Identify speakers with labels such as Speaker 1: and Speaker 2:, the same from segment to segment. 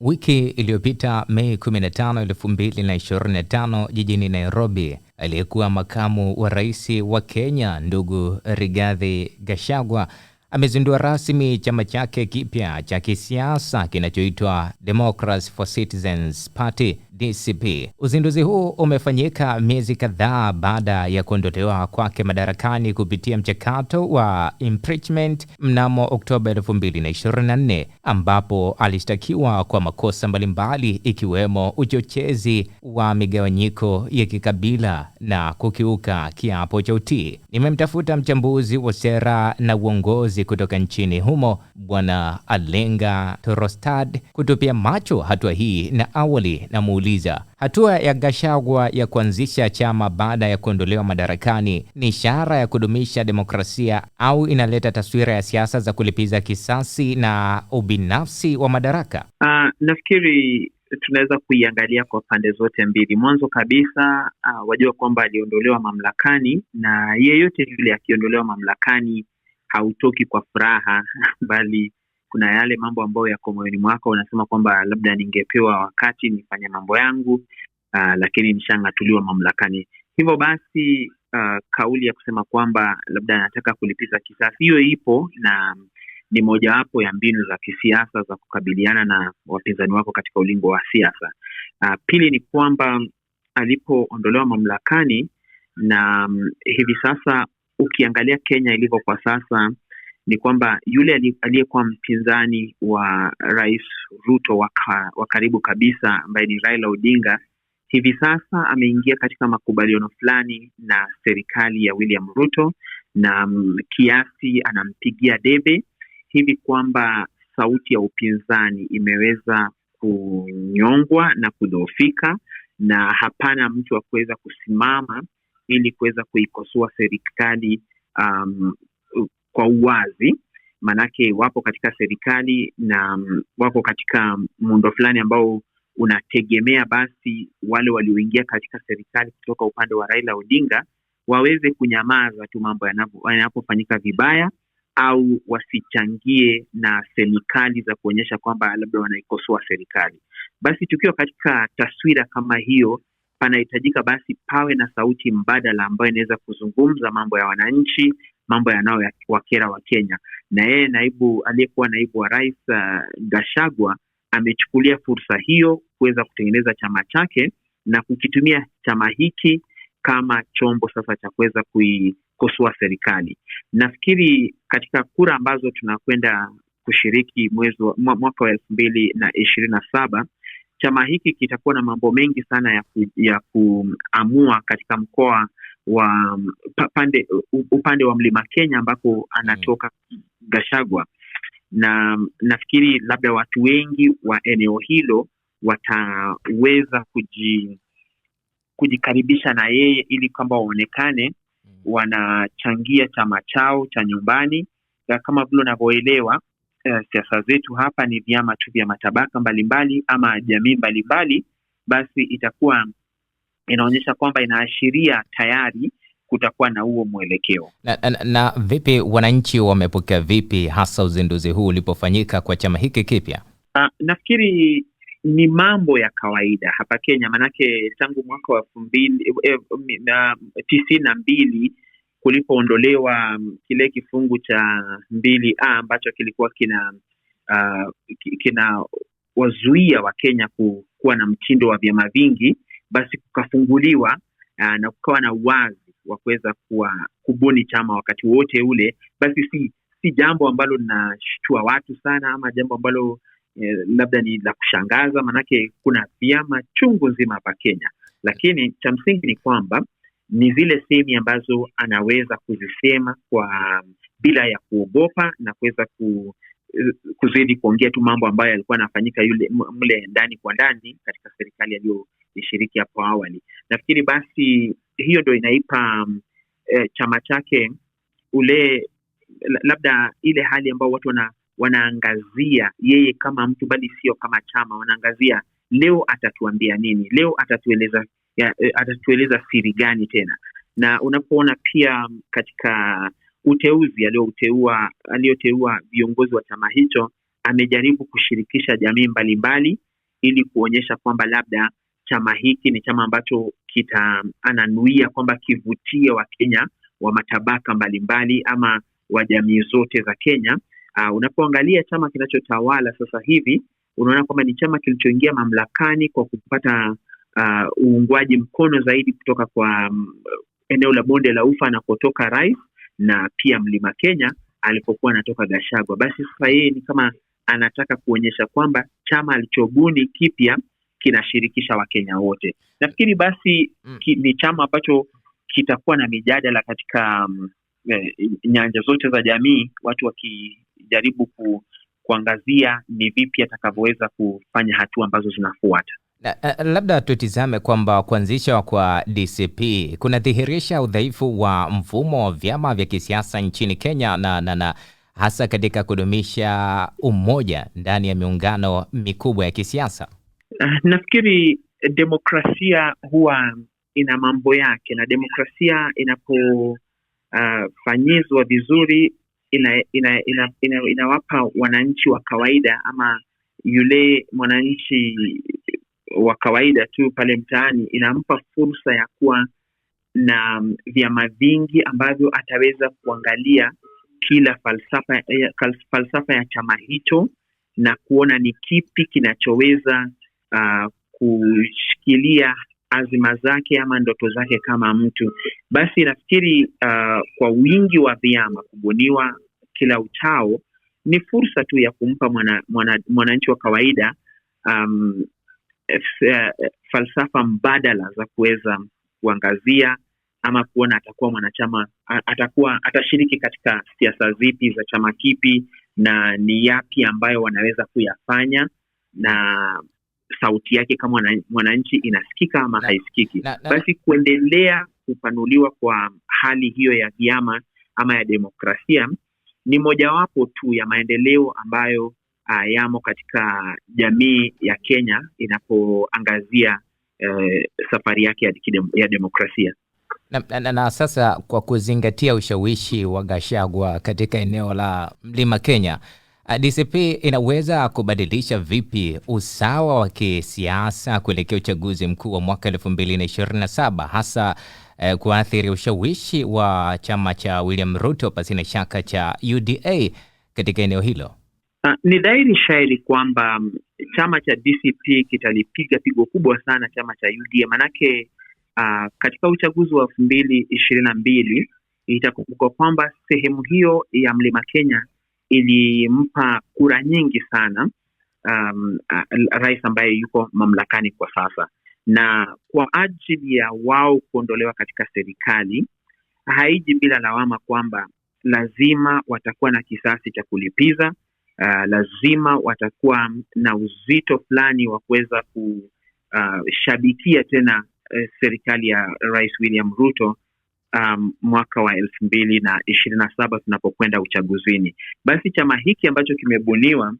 Speaker 1: Wiki iliyopita Mei 15, 2025 jijini Nairobi, aliyekuwa makamu wa rais wa Kenya ndugu Rigathi Gachagua amezindua rasmi chama chake kipya cha kisiasa kinachoitwa Democracy for Citizens Party DCP. Uzinduzi huu umefanyika miezi kadhaa baada ya kuondolewa kwake madarakani kupitia mchakato wa impeachment mnamo Oktoba 2024 ambapo alishtakiwa kwa makosa mbalimbali ikiwemo uchochezi wa migawanyiko ya kikabila na kukiuka kiapo cha utii. Nimemtafuta mchambuzi wa sera na uongozi kutoka nchini humo Bwana Alenga Torostad kutupia macho hatua hii na awali na muli kujiuliza hatua ya Gashagwa ya kuanzisha chama baada ya kuondolewa madarakani ni ishara ya kudumisha demokrasia au inaleta taswira ya siasa za kulipiza kisasi na ubinafsi wa madaraka?
Speaker 2: Uh, nafikiri tunaweza kuiangalia kwa pande zote mbili. Mwanzo kabisa, uh, wajua kwamba aliondolewa mamlakani, na yeyote yule akiondolewa mamlakani hautoki kwa furaha bali kuna yale mambo ambayo yako moyoni mwako, unasema kwamba labda ningepewa wakati nifanye mambo yangu, uh, lakini nishang'atuliwa mamlakani. Hivyo basi uh, kauli ya kusema kwamba labda anataka kulipiza kisasi, hiyo ipo na ni mojawapo ya mbinu za kisiasa za kukabiliana na wapinzani wako katika ulingo wa siasa. Uh, pili ni kwamba alipoondolewa mamlakani na um, hivi sasa ukiangalia Kenya ilivyo kwa sasa ni kwamba yule aliyekuwa mpinzani wa Rais Ruto wa karibu kabisa ambaye ni Raila Odinga hivi sasa ameingia katika makubaliano fulani na serikali ya William Ruto na mm, kiasi anampigia debe hivi kwamba sauti ya upinzani imeweza kunyongwa na kudhoofika, na hapana mtu wa kuweza kusimama ili kuweza kuikosoa serikali um, kwa uwazi, maanake wapo katika serikali na mm, wako katika muundo fulani ambao unategemea basi wale walioingia katika serikali kutoka upande wa Raila Odinga waweze kunyamaza tu mambo yanapofanyika vibaya au wasichangie na serikali za kuonyesha kwamba labda wanaikosoa serikali. Basi tukiwa katika taswira kama hiyo, panahitajika basi pawe na sauti mbadala ambayo inaweza kuzungumza mambo ya wananchi, mambo yanayowakera kenya Na yeye naibu aliyekuwa naibu wa rais uh, Gashagwa amechukulia fursa hiyo kuweza kutengeneza chama chake na kukitumia chama hiki kama chombo sasa cha kuweza kuikosoa serikali. Nafikiri katika kura ambazo tunakwenda kushiriki mwezi mwaka wa elfu mbili na ishirini na saba chama hiki kitakuwa na mambo mengi sana ya, ku, ya kuamua katika mkoa wa pande, upande wa Mlima Kenya ambapo anatoka mm. Gashagwa, na nafikiri labda watu wengi wa eneo hilo wataweza kuji, kujikaribisha na yeye ili kwamba waonekane mm. wanachangia chama chao cha nyumbani, na kama vile unavyoelewa eh, siasa zetu hapa ni vyama tu vya matabaka mbalimbali mbali, ama jamii mbalimbali, basi itakuwa inaonyesha kwamba inaashiria tayari kutakuwa na huo mwelekeo.
Speaker 1: Na, na, na vipi wananchi wamepokea vipi hasa uzinduzi huu ulipofanyika kwa chama hiki kipya?
Speaker 2: Uh, nafikiri ni mambo ya kawaida hapa Kenya, maanake tangu mwaka wa elfu mbili eh, tisini na mbili kulipoondolewa mm, kile kifungu cha mbili a ambacho kilikuwa kina uh, kina wazuia Wakenya kenya kuwa na mtindo wa vyama vingi basi kukafunguliwa uh, na kukawa na uwazi wa kuweza kuwa kubuni chama wakati wote ule, basi si si jambo ambalo linashtua watu sana ama jambo ambalo eh, labda ni la kushangaza, maanake kuna vyama chungu nzima hapa Kenya, lakini cha msingi ni kwamba ni zile sehemi ambazo anaweza kuzisema kwa bila ya kuogopa na kuweza ku kuzidi kuongea tu mambo ambayo yalikuwa anafanyika yule mle ndani kwa ndani katika serikali aliyo nishiriki hapo awali. Nafikiri basi hiyo ndo inaipa e, chama chake ule labda ile hali ambayo watu wana, wanaangazia yeye kama mtu bali sio kama chama, wanaangazia leo atatuambia nini, leo atatueleza ya, eh, atatueleza siri gani tena. Na unapoona pia mm, katika uteuzi alioteua aliyoteua viongozi wa chama hicho, amejaribu kushirikisha jamii mbalimbali mbali, ili kuonyesha kwamba labda chama hiki ni chama ambacho ananuia kwamba kivutie Wakenya wa matabaka mbalimbali ama wa jamii zote za Kenya. Uh, unapoangalia chama kinachotawala sasa hivi unaona kwamba ni chama kilichoingia mamlakani kwa kupata ah, uungwaji mkono zaidi kutoka kwa um, eneo la bonde la ufa anakotoka rais na pia mlima Kenya alipokuwa anatoka gashagwa Basi sasa yeye ni kama anataka kuonyesha kwamba chama alichobuni kipya kinashirikisha Wakenya wote. Nafikiri basi mm. ki, ni chama ambacho kitakuwa na mijadala katika um, eh, nyanja zote za jamii, watu wakijaribu ku, kuangazia ni vipi atakavyoweza kufanya hatua ambazo zinafuata.
Speaker 1: Eh, labda tutizame kwamba kuanzishwa kwa DCP kunadhihirisha udhaifu wa mfumo wa vyama vya kisiasa nchini Kenya na, na, na hasa katika kudumisha umoja ndani ya miungano mikubwa ya kisiasa.
Speaker 2: Ah, nafikiri demokrasia huwa ina mambo yake, na demokrasia inapofanyizwa ah, uh, vizuri inawapa ina, ina, ina, ina wananchi wa kawaida ama yule mwananchi wa kawaida tu pale mtaani, inampa fursa ya kuwa na vyama vingi ambavyo ataweza kuangalia kila falsafa, eh, falsafa ya chama hicho na kuona ni kipi kinachoweza uh, kushikilia azima zake ama ndoto zake kama mtu, basi nafikiri uh, kwa wingi wa vyama kubuniwa kila uchao ni fursa tu ya kumpa mwananchi mwana, mwana wa kawaida um, uh, falsafa mbadala za kuweza kuangazia ama kuona atakuwa mwanachama, atakuwa atashiriki katika siasa zipi za chama kipi, na ni yapi ambayo wanaweza kuyafanya na sauti yake kama mwananchi inasikika ama haisikiki. Basi kuendelea kupanuliwa kwa hali hiyo ya vyama ama ya demokrasia ni mojawapo tu ya maendeleo ambayo uh, yamo katika jamii ya Kenya inapoangazia uh, safari yake ya, ya demokrasia.
Speaker 1: Na, na, na sasa kwa kuzingatia ushawishi wa gashagwa katika eneo la Mlima Kenya Uh, DCP inaweza kubadilisha vipi usawa wa kisiasa kuelekea uchaguzi mkuu wa mwaka 2027 hasa eh, kuathiri ushawishi wa chama cha William Ruto pasina shaka cha UDA katika eneo hilo?
Speaker 2: Ah, ni dhahiri shairi kwamba mm, chama cha DCP kitalipiga pigo kubwa sana chama cha UDA manake, uh, katika uchaguzi wa elfu mbili ishirini na mbili itakumbuka kwamba sehemu hiyo ya mlima Kenya ilimpa kura nyingi sana um, rais ambaye yuko mamlakani kwa sasa, na kwa ajili ya wao kuondolewa katika serikali haiji bila lawama kwamba lazima watakuwa na kisasi cha kulipiza. Uh, lazima watakuwa na uzito fulani wa kuweza kushabikia tena uh, serikali ya Rais William Ruto um, mwaka wa elfu mbili na ishirini na saba tunapokwenda uchaguzini. Basi chama hiki ambacho kimebuniwa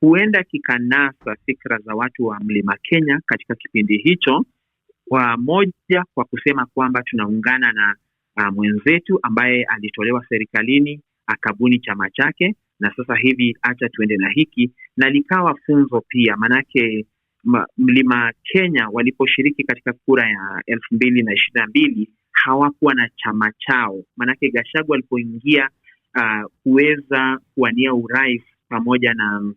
Speaker 2: huenda kikanasa fikra za watu wa Mlima Kenya katika kipindi hicho, kwa moja, kwa kusema kwamba tunaungana na uh, mwenzetu ambaye alitolewa serikalini akabuni chama chake na sasa hivi hacha tuende na hiki, na likawa funzo pia, maanake Mlima Kenya waliposhiriki katika kura ya elfu mbili na ishirini na mbili hawakuwa na chama chao, maanake gashagu alipoingia ah, kuweza uh, kuwania urais pamoja na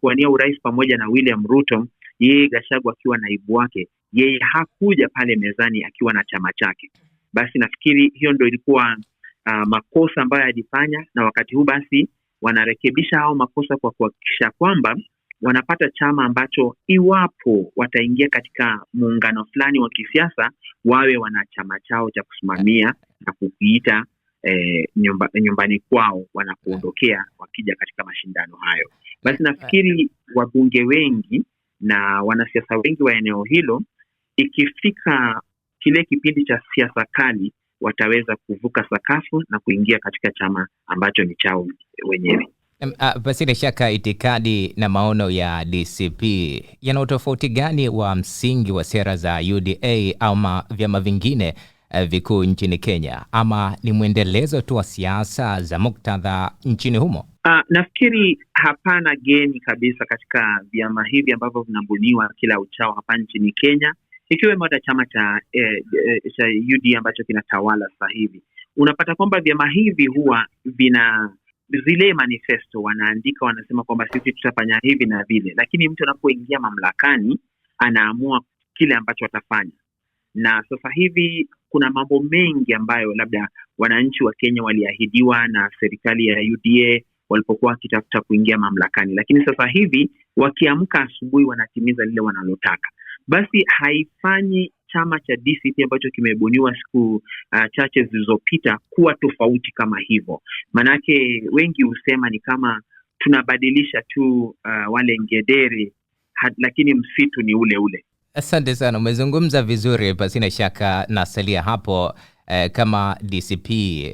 Speaker 2: kuwania urais pamoja na William Ruto, yeye gashagu akiwa naibu wake, yeye hakuja pale mezani akiwa na chama chake. Basi nafikiri hiyo ndo ilikuwa uh, makosa ambayo alifanya, na wakati huu basi wanarekebisha hao makosa kwa kuhakikisha kwamba wanapata chama ambacho iwapo wataingia katika muungano fulani wa kisiasa wawe wana chama chao cha kusimamia na kukiita eh, nyumba, nyumbani kwao wanapoondokea wakija katika mashindano hayo. Basi nafikiri wabunge wengi na wanasiasa wengi wa eneo hilo ikifika kile kipindi cha siasa kali wataweza kuvuka sakafu na kuingia katika chama ambacho ni chao wenyewe
Speaker 1: na ah, shaka itikadi na maono ya DCP yana utofauti gani wa msingi wa sera za UDA ama vyama vingine eh, vikuu nchini Kenya, ama ni mwendelezo tu wa siasa za muktadha nchini humo?
Speaker 2: Uh, nafikiri hapana geni kabisa katika vyama hivi ambavyo vinabuniwa kila uchao hapa nchini Kenya, ikiwemo hata chama cha eh, eh cha UDA ambacho kinatawala sasa hivi. Unapata kwamba vyama hivi huwa vina zile manifesto wanaandika, wanasema kwamba sisi tutafanya hivi na vile, lakini mtu anapoingia mamlakani anaamua kile ambacho atafanya. Na sasa hivi kuna mambo mengi ambayo labda wananchi wa Kenya waliahidiwa na serikali ya UDA walipokuwa wakitafuta kuingia mamlakani, lakini sasa hivi wakiamka asubuhi wanatimiza lile wanalotaka, basi haifanyi chama cha DCP ambacho kimebuniwa siku uh, chache zilizopita kuwa tofauti kama hivyo. Maanake wengi husema ni kama tunabadilisha tu uh, wale ngedere had, lakini msitu ni ule ule.
Speaker 1: Asante sana, umezungumza vizuri, pasina shaka nasalia hapo eh, kama DCP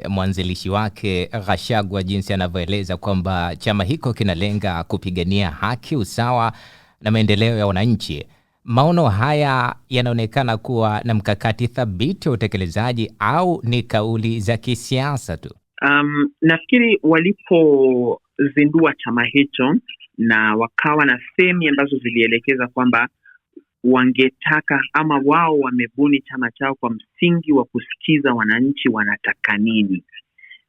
Speaker 1: mwanzilishi wake ghashagwa jinsi anavyoeleza kwamba chama hiko kinalenga kupigania haki, usawa na maendeleo ya wananchi. Maono haya yanaonekana kuwa na mkakati thabiti wa utekelezaji au ni kauli za kisiasa tu?
Speaker 2: Um, nafikiri walipozindua chama hicho na wakawa na semi ambazo zilielekeza kwamba wangetaka ama wao wamebuni chama chao kwa msingi wa kusikiza wananchi wanataka nini,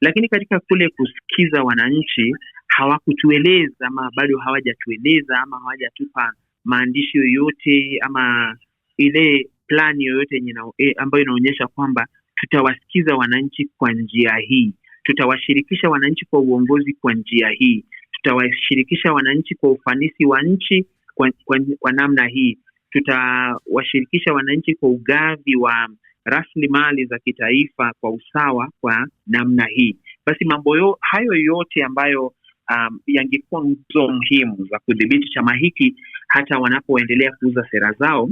Speaker 2: lakini katika kule kusikiza wananchi hawakutueleza ama bado hawajatueleza ama hawajatupa maandishi yoyote ama ile plani yoyote e, ambayo inaonyesha kwamba tutawasikiza wananchi kwa njia hii, tutawashirikisha wananchi kwa uongozi kwa njia hii, tutawashirikisha wananchi kwa ufanisi wa nchi kwa, kwa, kwa namna hii, tutawashirikisha wananchi kwa ugavi wa rasilimali za kitaifa kwa usawa kwa namna hii. Basi mambo yo, hayo yote ambayo um, yangekuwa nguzo muhimu za kudhibiti chama hiki hata wanapoendelea kuuza sera zao uh,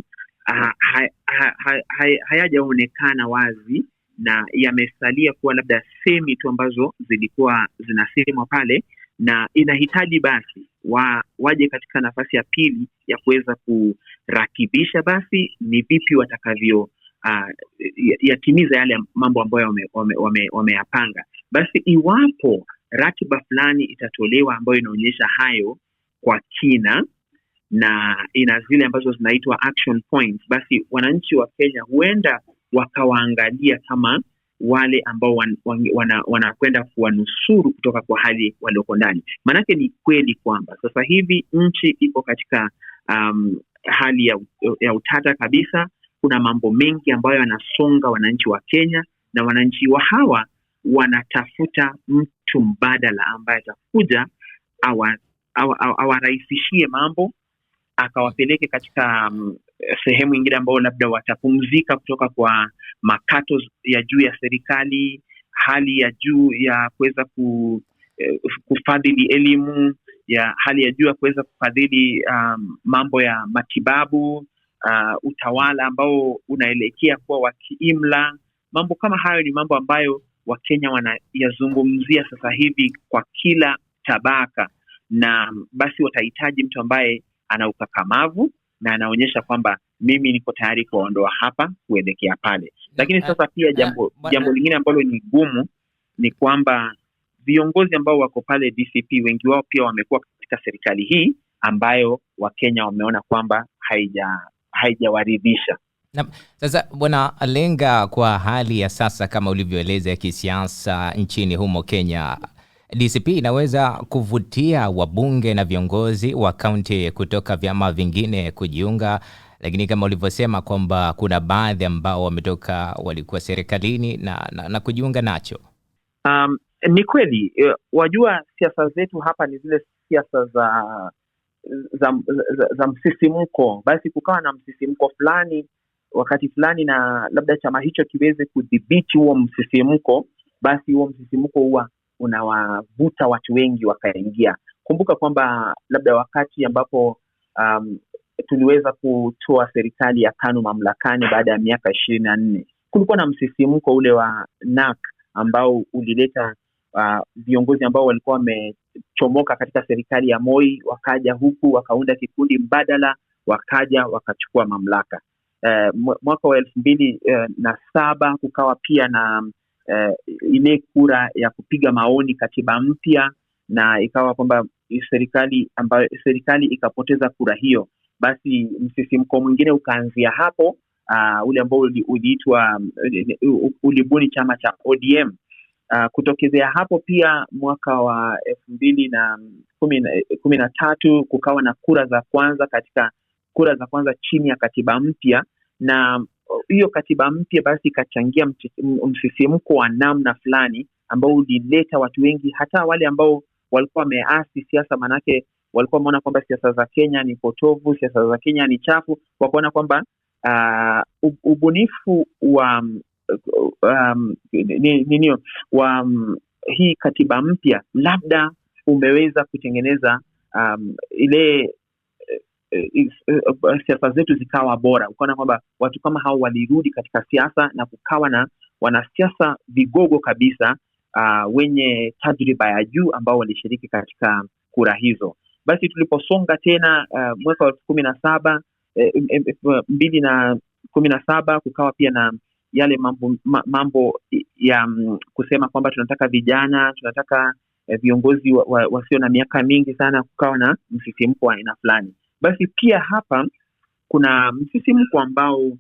Speaker 2: ha, ha, ha, ha, hayajaonekana wazi na yamesalia kuwa labda semi tu ambazo zilikuwa zinasemwa pale, na inahitaji basi wa, waje katika nafasi ya pili ya kuweza kurakibisha basi ni vipi watakavyo uh, yatimiza yale mambo ambayo wameyapanga wame, wame, wame basi iwapo ratiba fulani itatolewa ambayo inaonyesha hayo kwa kina na ina zile ambazo zinaitwa action points. Basi wananchi wa Kenya huenda wakawaangalia kama wale ambao wanakwenda wana, wana kuwanusuru kutoka kwa hali walioko ndani. Maanake ni kweli kwamba sasa hivi nchi iko katika um, hali ya, ya utata kabisa. Kuna mambo mengi ambayo yanasonga wananchi wa Kenya na wananchi wa hawa wanatafuta mtu mbadala ambaye atakuja awarahisishie mambo akawapeleke katika um, sehemu ingine ambao labda watapumzika kutoka kwa makato ya juu ya serikali, hali ya juu ya kuweza ku, eh, kufadhili elimu ya hali ya juu ya kuweza kufadhili um, mambo ya matibabu uh, utawala ambao unaelekea kuwa wa kiimla. Mambo kama hayo ni mambo ambayo Wakenya wanayazungumzia sasa hivi kwa kila tabaka, na basi watahitaji mtu ambaye ana ukakamavu na anaonyesha kwamba mimi niko tayari kuwaondoa hapa kuelekea pale. Lakini sasa pia jambo jambo lingine ambalo ni gumu ni kwamba viongozi ambao wako pale DCP wengi wao pia wamekuwa katika serikali hii ambayo Wakenya wameona kwamba haija haijawaridhisha.
Speaker 1: Na, sasa Bwana Alenga, kwa hali ya sasa kama ulivyoeleza ya kisiasa nchini humo Kenya, DCP inaweza kuvutia wabunge na viongozi wa kaunti kutoka vyama vingine kujiunga, lakini kama ulivyosema kwamba kuna baadhi ambao wametoka walikuwa serikalini na, na, na kujiunga nacho.
Speaker 2: Um, ni kweli eh, wajua, siasa zetu hapa ni zile siasa za za, za, za, za msisimko. Basi kukawa na msisimko fulani wakati fulani na labda chama hicho kiweze kudhibiti huo msisimko, basi huo msisimko huwa unawavuta watu wengi wakaingia. Kumbuka kwamba labda wakati ambapo um, tuliweza kutoa serikali ya kano mamlakani baada ya miaka ishirini na nne kulikuwa na msisimko ule wa NAK ambao ulileta uh, viongozi ambao walikuwa wamechomoka katika serikali ya Moi, wakaja huku wakaunda kikundi mbadala, wakaja wakachukua mamlaka eh, mwaka wa elfu mbili eh, na saba kukawa pia na eh, ile kura ya kupiga maoni katiba mpya, na ikawa kwamba serikali ambayo serikali ikapoteza kura hiyo, basi msisimko mwingine ukaanzia hapo, uh, ule ambao uliitwa ulibuni chama cha ODM. Uh, ah, kutokezea hapo pia mwaka wa elfu mbili na kumi na tatu kukawa na kura za kwanza katika kura za kwanza chini ya katiba mpya, na hiyo katiba mpya basi ikachangia msisimko wa namna fulani ambao ulileta watu wengi, hata wale ambao walikuwa wameasi siasa, maanake walikuwa wameona kwamba siasa za Kenya ni potovu, siasa za Kenya ni chafu, wakaona kwamba uh, ubunifu wa um, ninio wa um, hii katiba mpya labda umeweza kutengeneza um, ile Eh, eh, eh, siasa zetu zikawa bora, ukaona kwamba watu kama hao walirudi katika siasa na kukawa na wanasiasa vigogo kabisa, uh, wenye tajriba ya juu ambao walishiriki katika kura hizo. Basi tuliposonga tena uh, mwaka wa elfu kumi na saba mbili na kumi na saba kukawa pia na yale mambo mambo ya mm, kusema kwamba tunataka vijana, tunataka viongozi wasio wa, wa na miaka mingi sana. Kukawa na msisimko wa aina fulani. Basi pia hapa kuna msisimko ambao uh,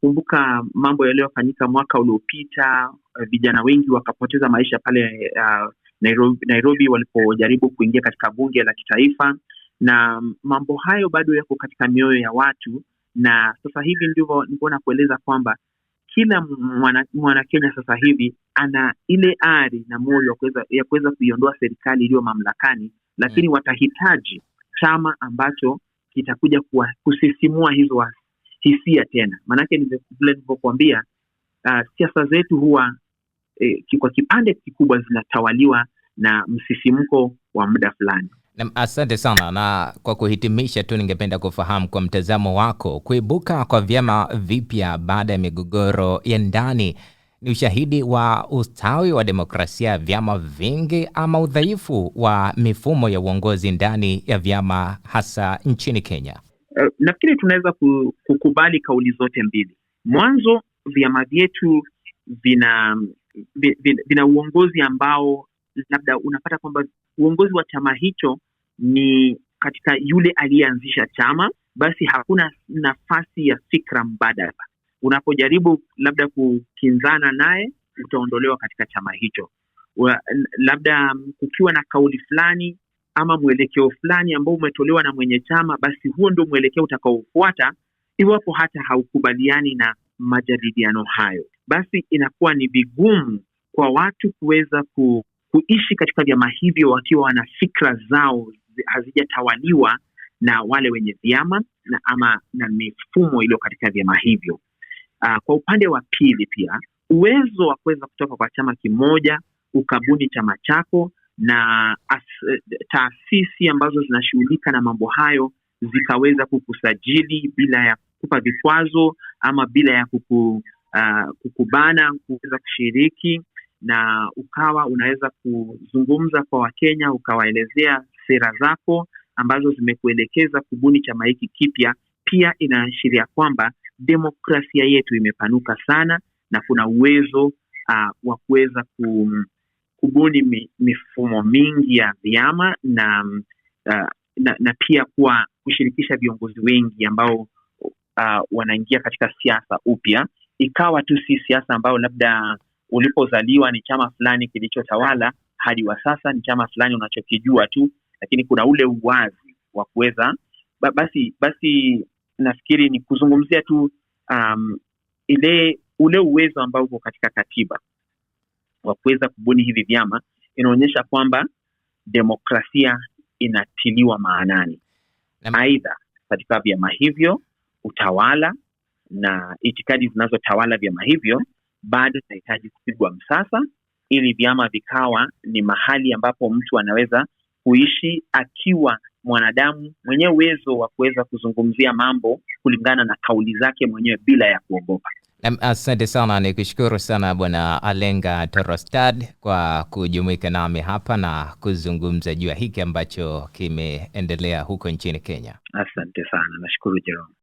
Speaker 2: kumbuka mambo yaliyofanyika mwaka uliopita, uh, vijana wengi wakapoteza maisha pale uh, Nairobi, Nairobi walipojaribu kuingia katika bunge la kitaifa, na mambo hayo bado yako katika mioyo ya watu, na sasa hivi ndivyo nilikuwa kueleza kwamba kila mwana, mwana Kenya sasa hivi ana ile ari na moyo ya kuweza kuiondoa serikali iliyo mamlakani, lakini mm. watahitaji chama ambacho kitakuja kuwa, kusisimua hizo hisia tena, maanake vile nilivyokuambia, uh, siasa zetu huwa eh, kwa kipande kikubwa zinatawaliwa na msisimko wa muda fulani.
Speaker 1: Asante sana. Na kwa kuhitimisha tu, ningependa kufahamu kwa mtazamo wako, kuibuka kwa vyama vipya baada ya migogoro ya ndani ni ushahidi wa ustawi wa demokrasia ya vyama vingi ama udhaifu wa mifumo ya uongozi ndani ya vyama hasa nchini Kenya?
Speaker 2: Eh, nafikiri tunaweza kukubali kauli zote mbili. Mwanzo, vyama vyetu vina vina, vina uongozi ambao labda unapata kwamba uongozi wa chama hicho ni katika yule aliyeanzisha chama, basi hakuna nafasi ya fikra mbadala unapojaribu labda kukinzana naye utaondolewa katika chama hicho. Ua, labda kukiwa na kauli fulani ama mwelekeo fulani ambao umetolewa na mwenye chama, basi huo ndio mwelekeo utakaofuata, iwapo hata haukubaliani na majadiliano hayo, basi inakuwa ni vigumu kwa watu kuweza ku, kuishi katika vyama hivyo wakiwa wana fikra zao hazijatawaliwa na wale wenye vyama na ama na mifumo iliyo katika vyama hivyo. Uh, kwa upande wa pili pia uwezo wa kuweza kutoka kwa chama kimoja ukabuni chama chako na as, taasisi ambazo zinashughulika na mambo hayo zikaweza kukusajili bila ya kukupa vikwazo ama bila ya kuku, uh, kukubana kuweza kushiriki na ukawa unaweza kuzungumza kwa Wakenya ukawaelezea sera zako ambazo zimekuelekeza kubuni chama hiki kipya. Pia inaashiria kwamba demokrasia yetu imepanuka sana na kuna uwezo uh, wa kuweza kubuni mifumo mingi ya vyama na, uh, na na pia kuwa kushirikisha viongozi wengi ambao uh, wanaingia katika siasa upya, ikawa tu si siasa ambayo labda ulipozaliwa ni chama fulani kilichotawala hadi wa sasa ni chama fulani unachokijua tu, lakini kuna ule uwazi wa kuweza basi basi nafikiri ni kuzungumzia tu um, ile ule uwezo ambao uko katika katiba wa kuweza kubuni hivi vyama inaonyesha kwamba demokrasia inatiliwa maanani, aidha katika vyama hivyo utawala na itikadi zinazotawala vyama hivyo bado zinahitaji kupigwa msasa, ili vyama vikawa ni mahali ambapo mtu anaweza kuishi akiwa mwanadamu mwenye uwezo wa kuweza kuzungumzia mambo kulingana na kauli zake mwenyewe bila ya kuogopa.
Speaker 1: Asante sana, ni kushukuru sana Bwana Alenga Torostad kwa kujumuika nami hapa na kuzungumza juu ya hiki ambacho kimeendelea huko nchini Kenya.
Speaker 2: Asante sana, nashukuru Jerome.